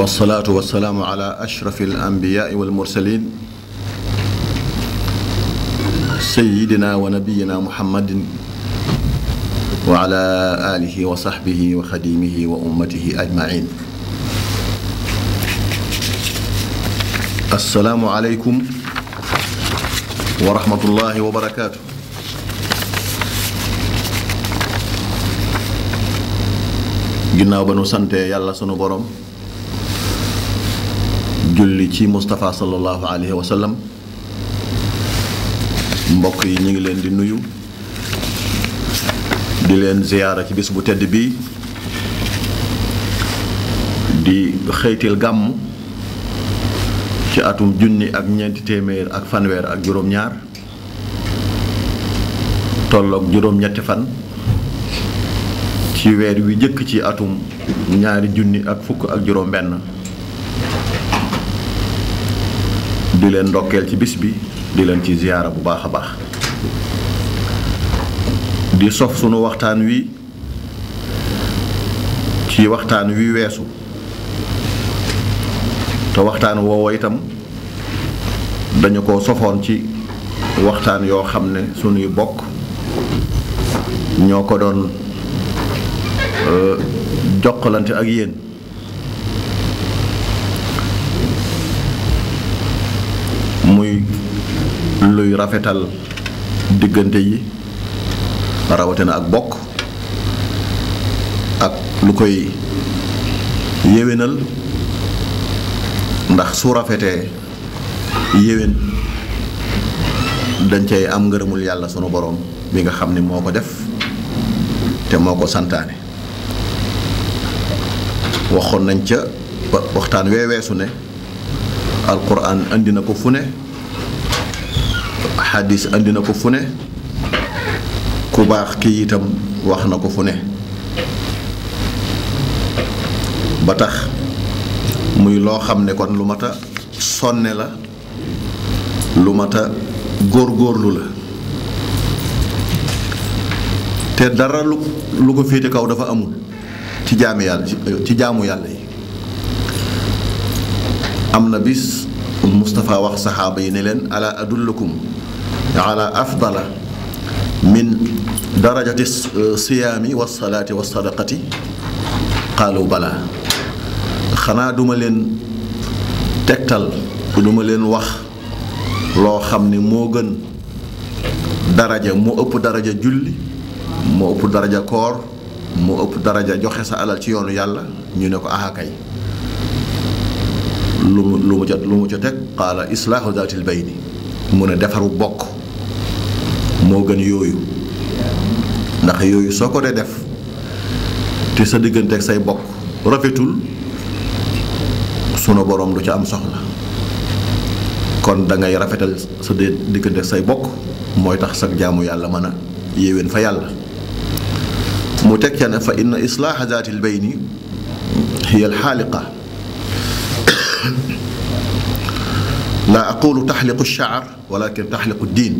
wasalaatu wasalaamu ala ashrafi al anbiyaai wal mursalin sayidina wa nabiyina muhammadin wa ala alihi wa saxbihi wa xadimihi wa ummatihi ajmain asalaamu aleykum wa rahmatullahi wa barakaatu ginnaaw ba nu sante yàlla sunu borom julli ci Moustapha sallallahu alayhi wa mbokk yi ñu ngi leen di nuyu di leen ziyaara ci bis bu tedd bii di xëytil gàmm ci atum junni ak ñeenti téeméer ak fanweer ak juróom-ñaar tolloog juróom-ñetti fan ci weer wi jëkk ci atum ñaari junni ak fukk ak juróom-benn di leen ndokkeel ci bis bi di leen ci ziyaara bu baax a baax di sof sunu waxtaan wi ci waxtaan wi weesu te waxtaan woowo itam dañu ko sofoon ci waxtaan yoo xam ne sunuy bokk ñoo ko doon euh, jokkalante ak yéen luy rafetal diggante yi rawatina ak bokk ak lu koy yéwénal ndax su rafetee yéwén dañ cay am ngërëmul yàlla sunu boroom bi nga xam ni moo ko def te moo ko santaane waxoon nañ ca waxtaan wee weesu ne alquran indi na ko fu ne xadis andi na ko fu ne ku baax kii itam wax na ko fu ne ba tax muy loo xam ne kon lu mat a sonne la lu mata góor góorlu la te dara lu lu ko féete kaw dafa amul ci jaamu yàlla ci jaamu yàlla yi am na bis Moustapha wax saxaaba yi ne leen ala adullukum ala afdala min darajati siyaami wa salaati wa sadaqati qaalu balaa leen tegtal duma leen wax loo xam ni moo gën daraja moo ëpp daraja julli moo ëpp daraja koor moo ëpp daraja joxe sa alal ci yoonu yàlla ñu ne ko aha kay lu mu lu mu jot lu mu jotee qaala islaahu daatil bayni mu ne defaru bokk moo gën yooyu ndax yooyu soo ko dee def te sa diggante ak say bokk rafetul sunu boroom du ca am soxla kon dangay ngay rafetal sa diggante ak say bokk mooy tax sag jaamu yàlla mën a yéwén fa yàlla mu teg ca ne fa inna islaaha zaatil bayni hiya alxaaliqa laa aqulu taxliqu shaar walakin taxliqu diin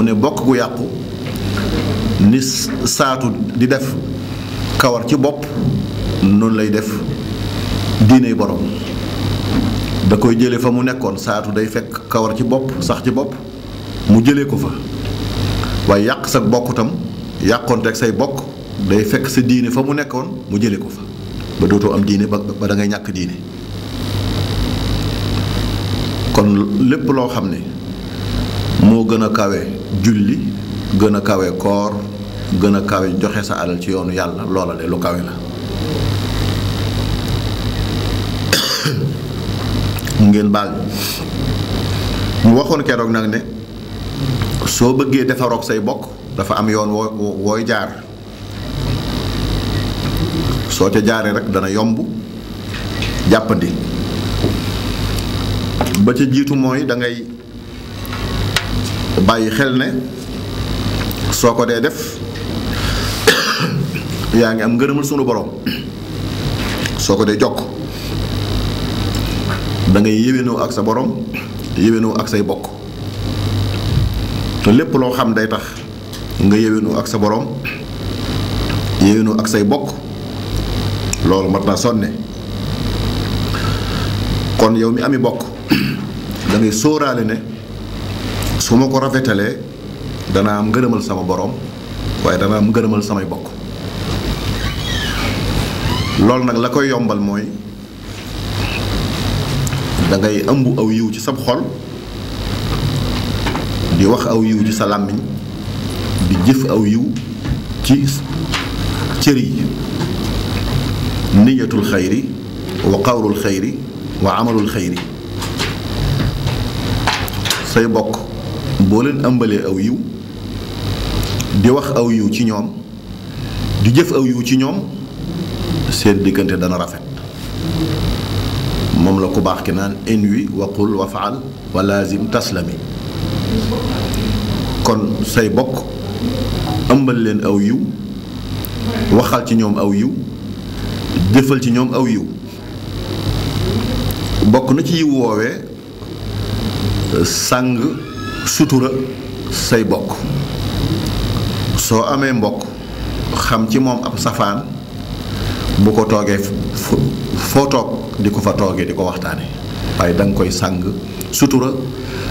mu ne bokk gu yàqu ni saatu di def kawar ci bopp noonu lay def diiney boroom da koy jële fa mu nekkoon saatu day fekk kawar ci bopp sax ci bopp mu jëlee ko fa waaye yàq sa bokk tam yàqoonte ak say bokk day fekk sa diine fa mu nekkoon mu jëlee ko fa ba dootoo am diine ba dangay ñàkk diine kon lépp loo xam ne moo gën a kawe julli gën a kawe koor gën a kawe joxe sa alal ci yoonu yàlla loola de lu kawe la ngeen baal mu waxoon keroog nag ne soo bëggee defaroog say bokk dafa am yoon woo wooy jaar soo ca jaaree rek dana yomb jàppandi ba ca jiitu mooy dangay bàyyi xel ne soo ko dee def yaa ngi am ngërëmal sunu borom soo ko dee jokk dangay ngay yéwénoo ak sa boroom yéwénoo ak say bokk te lépp loo xam day tax nga yéwénoo ak sa borom yéwénoo ak say bokk loolu mat naa sonne kon yow mi ami bokk da sóoraale ne su ma ko rafetalee danaa am ngërëmal sama boroom waaye dana am ngërëmal samay bokk loolu nag la koy yombal mooy dangay ngay ëmb aw yiw ci sab xol di wax aw yiw ci sa làmmiñ di jëf aw yiw ci cër yi niyatul xayri wa qawlul xayri wa amalul xayri say bokk boo leen ëmbalee aw yiw di wax aw yiw ci ñoom di jëf aw yiw ci ñoom seen diggante dana rafet moom la ko baax ki naan inwi waqul wafaal wa laazim taslami kon say bokk ëmbal leen aw yiw waxal ci ñoom aw yiw jëfal ci ñoom aw yiw bokk na ci yiw woowee sàng sutura say bokk soo amee mbokk xam ci moom ab safaan bu ko toogee foo toog di ko fa toogee di ko waxtaane waaye danga koy sàng sutura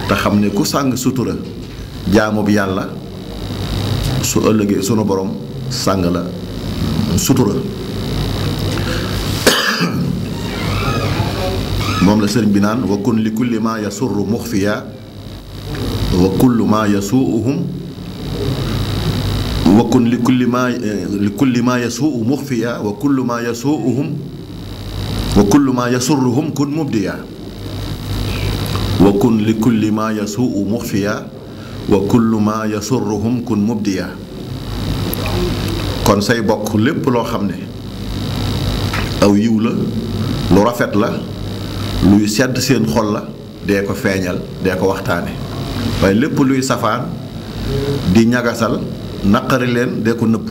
te xam ne ku sàng sutura jaamu bi yàlla su ëllëgee sunu boroom sàng la sutura moom la sëriñ bi naan wa kun li kulli ma yasurru muxfiya wa kullu maa yasuuhum wa kun li kulli maa li kulli wa kullu maa yasuuhum wa kullu maa yasurruhum kun mubdiya kon say bokk lépp loo xam ne aw yiw la lu rafet la luy sedd seen xol la dee ko feeñal dee ko waxtaane waaye lépp luy safaan di ñagasal naqari leen dee ko nëbb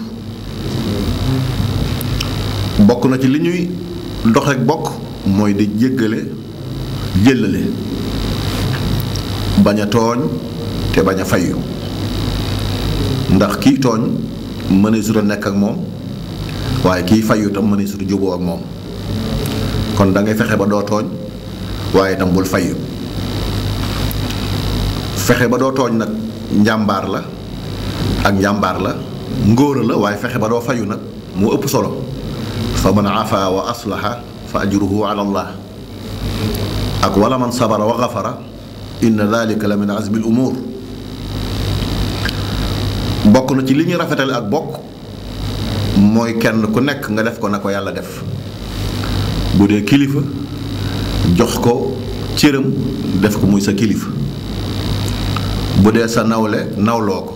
bokk na ci li ñuy dox rek bokk mooy di jéggale jéllale bañ a tooñ te bañ a fayu ndax kiy tooñ mëneesut a nekk ak moom waaye kiy fayu tam mëneesut a juboo ak moom kon dangay fexe ba doo tooñ waaye itam bul fayu fexe ba doo tooñ nag njàmbaar la ak njàmbaar la ngóora la waaye fexe ba doo fayu nag moo ëpp solo fa man afa wa aslaha fa ajruhu ala allah ak wala man sabara wa gafara inna dalika la min azmi umur bokk na ci li ñu rafetale ak bokk mooy kenn ku nekk nga def ko na ko yàlla def bu dee kilifa jox ko cëram def ko muy sa kilifa bu dee sa nawle nawloo ko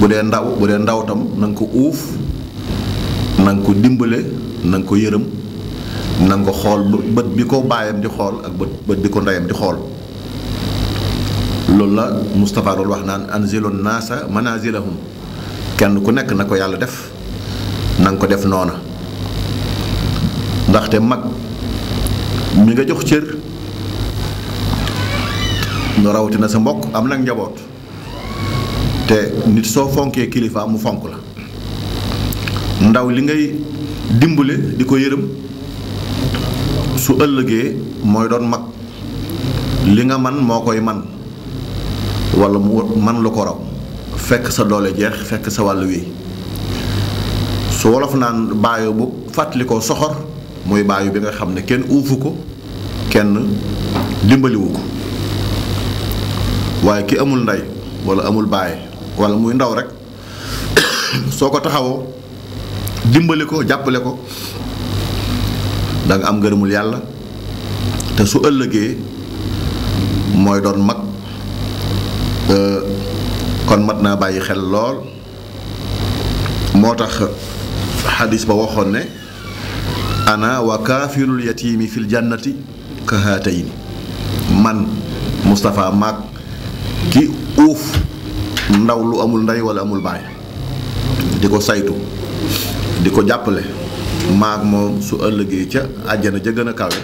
bu dee ndaw bu dee ndaw tam na ko uuf na ko dimbale nanga ko yërëm na ko xool bët bi ko baayam di xool ak bët bët bi ko ndeyam di xool loolu la Moustapha doon wax naan naa naasa manazilahum kenn ku nekk na ko yàlla def nanga ko def noona ndaxte mag mi nga jox cër nga rawatina sa mbokk am nag njaboot te nit soo fonkee kilifa mu fonk la ndaw li ngay dimbale di ko yërëm su ëllëgee mooy doon mag li nga man moo koy man wala mu man lu ko raw fekk sa doole jeex fekk sa wàll wi su wolof naan baayo bu fàttali ko soxor mooy baayu bi nga xam ne kenn uufu ko kenn dimbaliwu ko waaye ki amul ndey wala amul baay wala muy ndaw rek soo ko taxawoo dimbali ko jàppale ko da am ngërëmul yàlla te su ëllëgee mooy doon mag euh, kon mat naa bàyyi xel lool moo tax xadis ba waxoon ne ana wa kaafilul yatiimi fil jannati kahaatayni man Moustapha maag ki uuf ndaw lu amul ndey wala amul baay di ko saytu di ko jàppale maag moom su ëllëgee ca àjjana ja gën kawe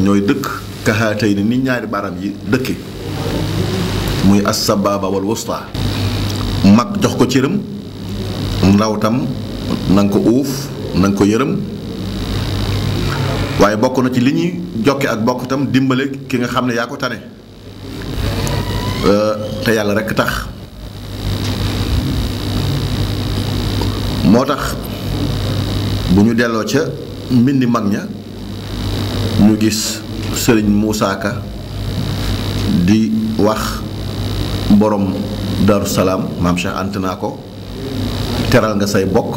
ñooy dëkk kaxaatay ni ni ñaari baram yi dëkki muy assabaaba wal wusta mag jox ko cëram ndaw tam na ko uuf na ko yërëm waaye bokk na ci li ñuy jokke ak bokk tam dimbale ki nga xam ne yaa ko tane te yàlla rekk tax moo tax bu ñu delloo ca mbindi mag ña ñu gis sëriñ Moussa di wax borom Darou Salaam maam Cheikh ant naa ko teral nga say bokk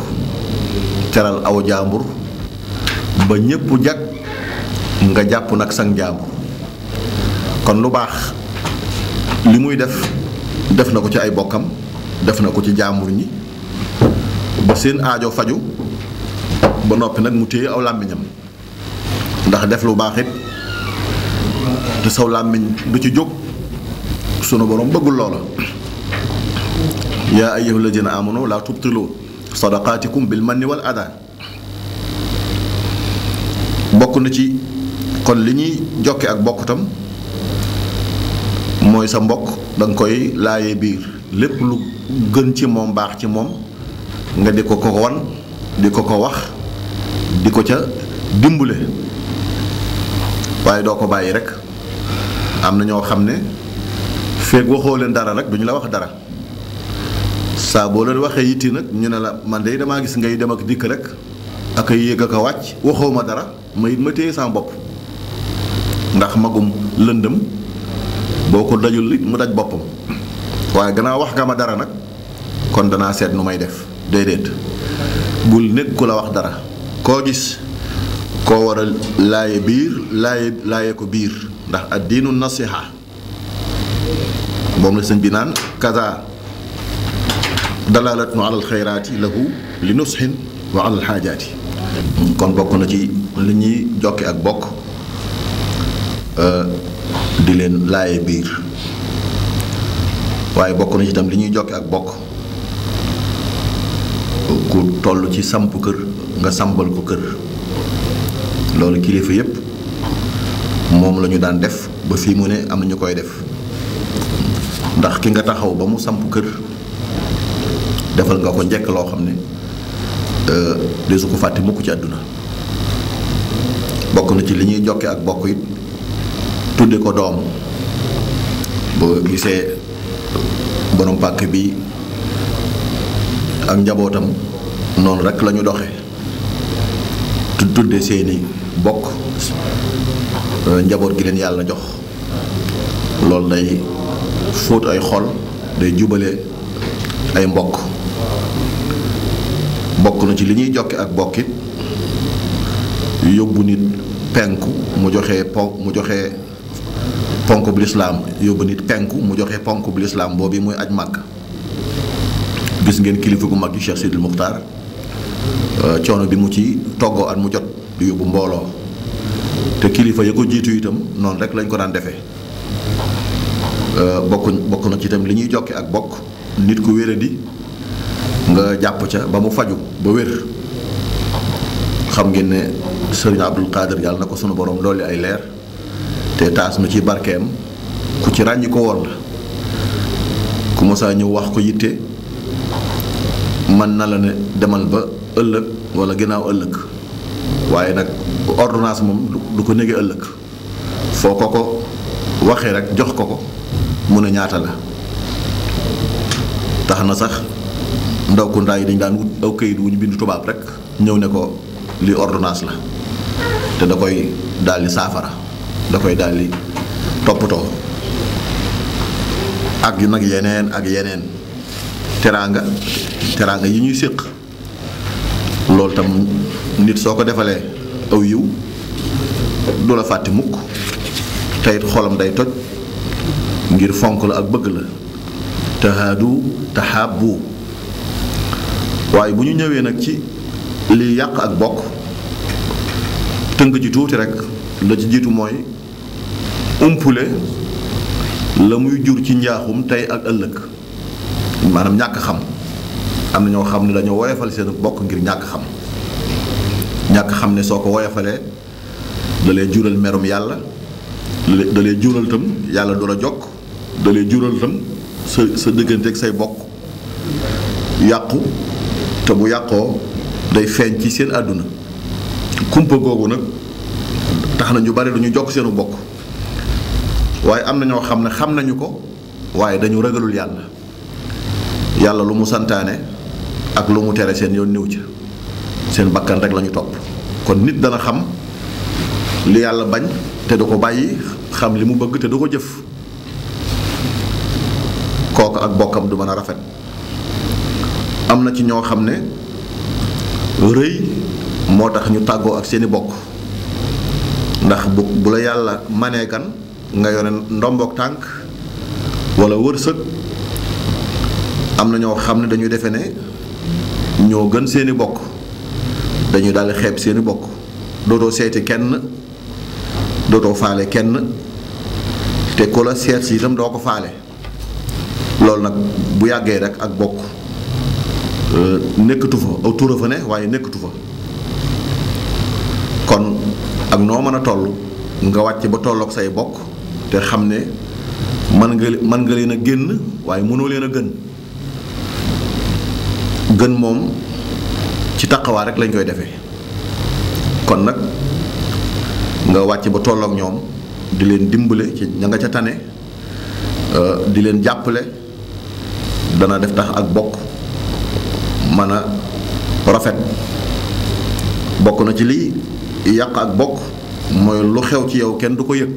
teral aw jaambur ba ñépp jag nga jàpp nag sang jaambur kon lu baax li muy def def na ko ci ay bokkam def na ko ci jaambur ñi ba seen aajo faju ba noppi nag mu téye aw làmmiñam ndax def lu baaxit te saw làmmiñ du ci jóg sunu borom bëggul loola yaa ayyuha alladina amanu laa tubtilu sadaqaatikum man ni wal ada bokk na ci kon li ñuy jokke ak bokkutam mooy sa mbokk da nga koy laaye biir lépp lu gën ci moom baax ci moom nga di ko ko wan di ko ko wax di ko ca dimbule waaye doo ko bàyyi rek am na ñoo xam ne feeg waxoo leen dara rek du ñu la wax dara saa boo leen waxee yitti nag ñu ne la man de damaa gis ngay dem ak dikk rek ak ay yéeg ak a wàcc waxoo ma dara ma it ma téye sama bopp ndax magum lëndëm boo ko dajul it mu daj boppam waaye gannaaw wax nga ma dara nag kon danaa seet nu may def déedéet bul nekk ku la wax dara koo gis koo wara a laaye biir laaye laaye ko biir ndax addiinu nasiha moom la sëñ bi naan kaza dalaalatu alal xayraati lahu li nusxin wa alal xaajaati kon bokk na ci li ñuy jokki ak bokk euh, di leen laaye biir waaye bokk na ci itam li ñuy jokke ak bokk ku toll ci samp kër nga sambal ko kër loolu kilifa yépp moom lañu daan def ba fii mu ne am na ñu koy def ndax ki nga taxaw ba mu samp kër defal nga ko njëkk loo xam ne euh, de su ko fàtte mukk ci àdduna bokk na ci li ñuy jokke ak bokk it tudde ko doom boo gisee borom pàkk bi ak njabootam noonu rek lañu doxe tudde seeni bokk euh, njaboot gi leen yàlla jox loolu day fóot ay xol day jubale ay mbokk bokk na ci li ñuy jokke ak bokkit yóbbu nit penku mu joxe po mu joxe ponk bu lislaam yóbbu nit penku mu joxe ponk bu lislaam boobu muy aj màkk gis ngeen kilifa gu mag yi Cheikh Sidil Muxtaar euh, coono bi mu ci toggoo at mu jot di yóbbu mbooloo te kilifa ya ko jiitu itam noonu rek lañ ko daan defee euh, bokk bokk na ci itam li ñuy jokke ak bokk nit ku wéradi nga jàpp ca ba mu faju ba wér xam ngeen ne sëriñ Abdul Qadir yàlla na ko sunu borom loolu ay leer te taas nu ci barkeem ku ci ràññi ko woon la ku mosaa ñëw wax ko yitte man na la ne demal ba ëllëg wala ginnaaw ëllëg waaye nag ordonnance moom du ko néegee ëllëg foo ko ko waxee rek jox ko ko mun a ñaata la tax na sax ndaw ndaa yi dañ daan wut aw kayit wu ñu bind tubaab rek ñëw ne ko li ordonnance la te da koy daal saafara da koy daal di toppatoo ak yu nag yeneen ak yeneen teraanga teraanga yi ñuy séq loolu tam nit soo ko defalee aw yiw du la fàtte mukk tey xoolam day toj ngir fonk la ak bëgg la tahaadu tahaabbu waaye bu ñu ñëwee nag ci liy yàq ak bokk tënk ji tuuti rekk la ci jiitu mooy umpule la muy jur ci njaaxum tey ak ëllëg maanaam ñàkk xam am na ñoo xam ne dañoo woyafal seen bokk ngir ñàkk xam ñàkk xam ne soo ko woyafalee da lay jural merum yàlla da lay jural itam yàlla du la jokk da lay jural itam sa sa diggante ak say bokk yàqu te bu yàqoo day feeñ ci seen àdduna kumpa googu nag tax na ñu bari duñu jokk seenu bokk waaye am na ñoo xam ne xam nañu ko waaye dañu ragalul yàlla yàlla lu mu santaane ak lu mu tere seen yoon niw ca seen bakkan rek lañu topp kon nit dana xam li yàlla bañ te du ko bàyyi xam li mu bëgg te du ko jëf kooku ak bokkam du mën a rafet am na ci ñoo xam ne rëy moo tax ñu tàggoo ak seeni bokk ndax bu bu la yàlla manee gan nga yore ndombook tànk wala wërsëg am na ñoo xam ne dañuy defe ne ñoo gën seeni bokk dañuy daal di xeeb seeni bokk dootoo seeti kenn dootoo faale kenn te ku la seet si itam doo ko faale loolu nag bu yàggee rek ak bokk euh, nekkatu fa aw tura fa ne waaye nekkatu fa kon ak noo mën a toll nga wàcc ba tolloog say bokk te xam ne mën nga mën nga leen a génn waaye mënoo leen a gën gën moom ci taqawaa rek lañ koy defee kon nag nga wàcc ba tollook ñoom di leen dimbale ci ña nga ca tane euh, di leen jàppale dana def tax ak bokk mën a rafet bokk na ci lii yàq ak bokk mooy lu xew ci yow kenn du ko yëg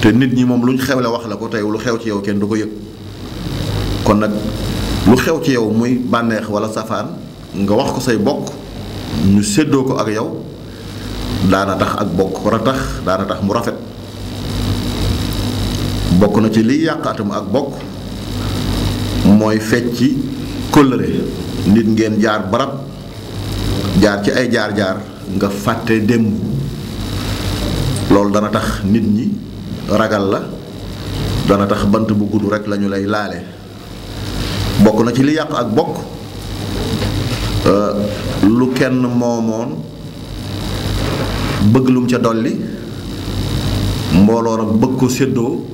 te nit ñi moom lu ñu xewle wax la ko tey lu xew ci yaw kenn du ko yëg kon nag lu xew ci yow muy bànneex wala safaan nga wax ko say bokk ñu seddoo ko ak yow daana tax ak bokk war a tax daana tax mu rafet bokk na ci liy yàqaatam ak bokk mooy fecc ci kóllëre nit ngeen jaar barab jaar ci ay jaar-jaar nga fàtte démb loolu dana tax nit ñi ragal la dana tax bant bu gudd rek lañu lay laale bokk na ci li yàq ak bokk euh, lu kenn moomoon bëgg lum ca dolli mbooloo nag bëgg ko séddoo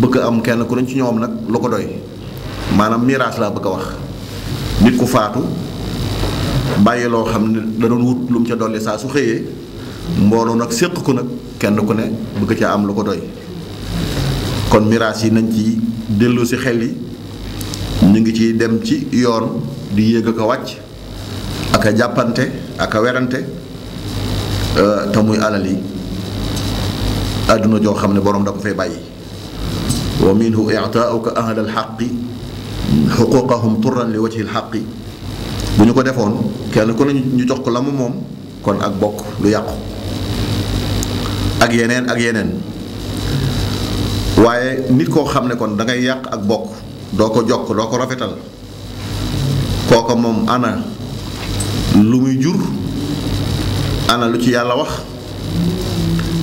bëgg am kenn ku ne ci ñoom nag lu ko doy maanaam miraas laa bëgg a wax nit ku faatu bàyyi loo xam ne da wut lum ca dolli saa su xëyee mbooloo nag séq ko nag kenn ku ne bëgg caa am lu ko doy kon miraas yi nañ ci dellu si xel yi ñu ngi ciy dem ci yoon di yéeg ak a wàcc ak a jàppante ak a werante euh, te muy alal yi àdduna joo xam ne boroom da ko fay bàyyi wa minhu itaauka ahlal xaqi xuquqahum turan li wajhi lxaqi bu ñu ko defoon kenn ku ne ñu jox ko la mu moom kon ak bokk lu yàqu ak yeneen ak yeneen waaye nit koo xam ne kon dangay yàq ak bokk doo ko jokk doo ko rafetal kooka moom ana lu muy jur ana lu ci yàlla wax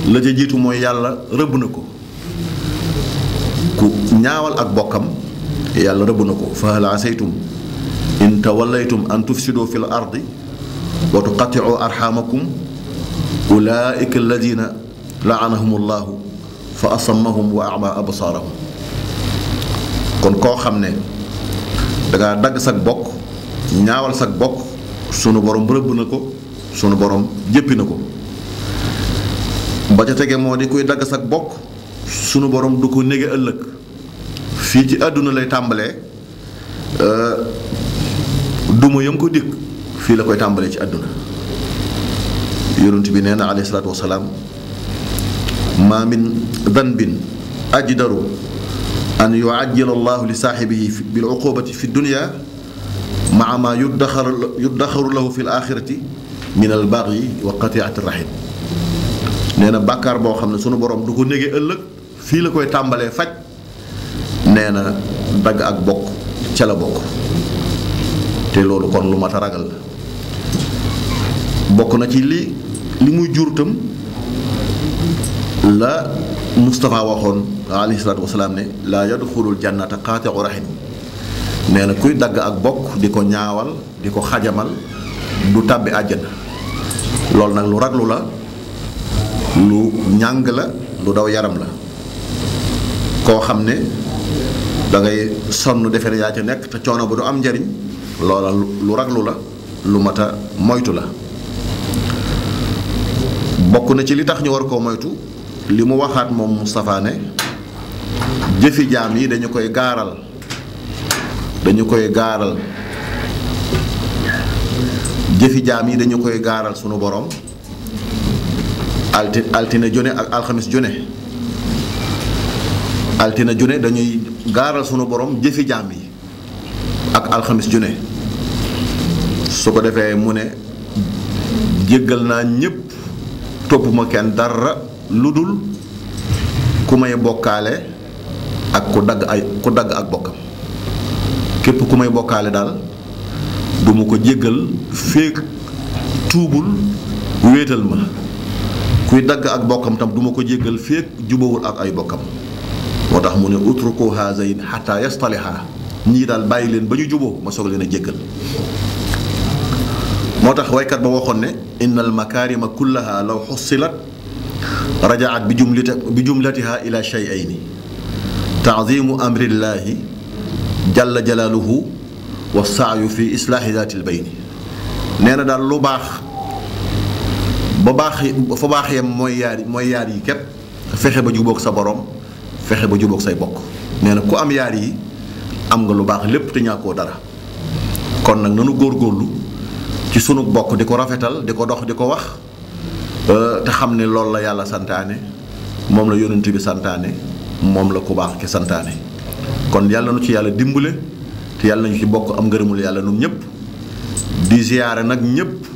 la jiitu mooy yàlla rëbb na ko ku ñaawal ak bokkam yàlla rëbb na ko fa hal asaytum in tawallaytum an tufsidu fil ardi wa tuqatti'u arhamakum ulaika alladina laanahum allahu fa asammahum wa ama absaarahum kon koo xam ne danga dagg sag bokk ñaawal sag bokk sunu borom rëbb na ko sunu borom jéppi na ko ba ca tege moo di kuy dagg sag bokk sunu borom du ko nége ëllëg fii ci àdduna lay tàmbalee euh, duma yam ko dikk fii la koy tàmbalee ci àdduna yonent bi nee na alayhi salaatu wasalaam ma min danbin ajdaru an yuajjila allahu li saaxibihi bil uqubati fi dunya maa ma yuddaxaru yuddaxaru lahu fi alaaxirati min albaxyi wa qatiati rahim nee na bàkkaar boo xam ne sunu boroom du ko négee ëllëg fii la koy tàmbalee faj nee na dagg ak bokk ca la bokk te loolu kon lu ma a la bokk na ci li li muy jur la Moustapha waxoon alayhi salaatu wasalaam ne laa yadxulul jannata qaati'u rahim nee na kuy dagg ak bokk di ko ñaawal di ko xajamal du tàbbi àjjana loolu nag lu raglu la lu ñàng la lu daw yaram la koo xam ne da ngay sonn defe yaa ca nekk te coono bu du am njariñ lu raglu la lu mat a moytu la bokk na ci li tax ñu war koo moytu li mu waxaat moom Moustapha ne jëfi jaam yi dañu koy gaaral dañu koy gaaral jëfi jaam yi dañu koy gaaral sunu borom alti altine jone ak alxamis jone altine jone dañuy gaaral sunu borom jëfi jaam yi ak alxamis jone su ko defee mu ne jéggal naa ñépp topp kenn dara lu dul ku may bokkaale ak ku dagg ay ku dagg ak bokkam képp ku may bokkaale daal du ma ko jéggal féeg tuubul wéetal ma kuy dagg ak bokkam tam duma ko jéggal féeg jubawul ak ay bokkam moo tax mu ne utruku hazayin xataa yastaliha ñii daal bàyyi leen ba ñu juboo ma soog leen a jéggal moo tax waykat ba waxoon ne innal ma kullaha law xussilat rajaat bi jumlita bi jumlatiha ila shay'ayni taazimu amrillahi jalla jalaaluhu wa saayu fi islaahi zaatil bayni nee na daal lu baax ba baax fa baax yam mooy yaar yi képp fexe ba jubóog sa boroom fexe ba jubóog say bokk nee na ku am yaar yi am nga lu baax lépp te ñàkkoo dara kon nag nanu góorlu ci sunu bokk di ko rafetal di ko dox di ko wax Euh, te xam ne loolu la yàlla santaane moom la yonent bi santaane moom la ku baax ki santaane kon yàlla na ci yàlla dimbale te yàlla nañu ci bokk am ngërëmul yàlla ñun ñëpp di ziyaare nag ñëpp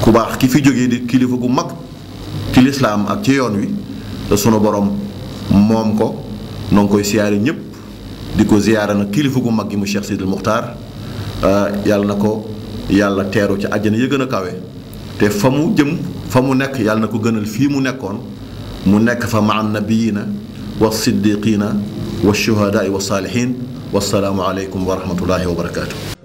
ku baax ki fi jógee di kilifa gu mag ci lislaam ak ci yoon wi te sunu borom moom ko noo ngi koy siyaare ñëpp di ko ziyaare nag kilifa gu mag gi mu Cheikh Sidil Muxtaar euh, yàlla na ko yàlla teeru ci àjjana ya gën a kawe te fa mu jëm fa mu nekk yàlla na ko gënal fii mu nekkoon mu nekk fa maa nabiyina wa siddiqina wa shuhadaa wa saalihin wasalaamu aleykum wa rahmatullahi wa barakaatu.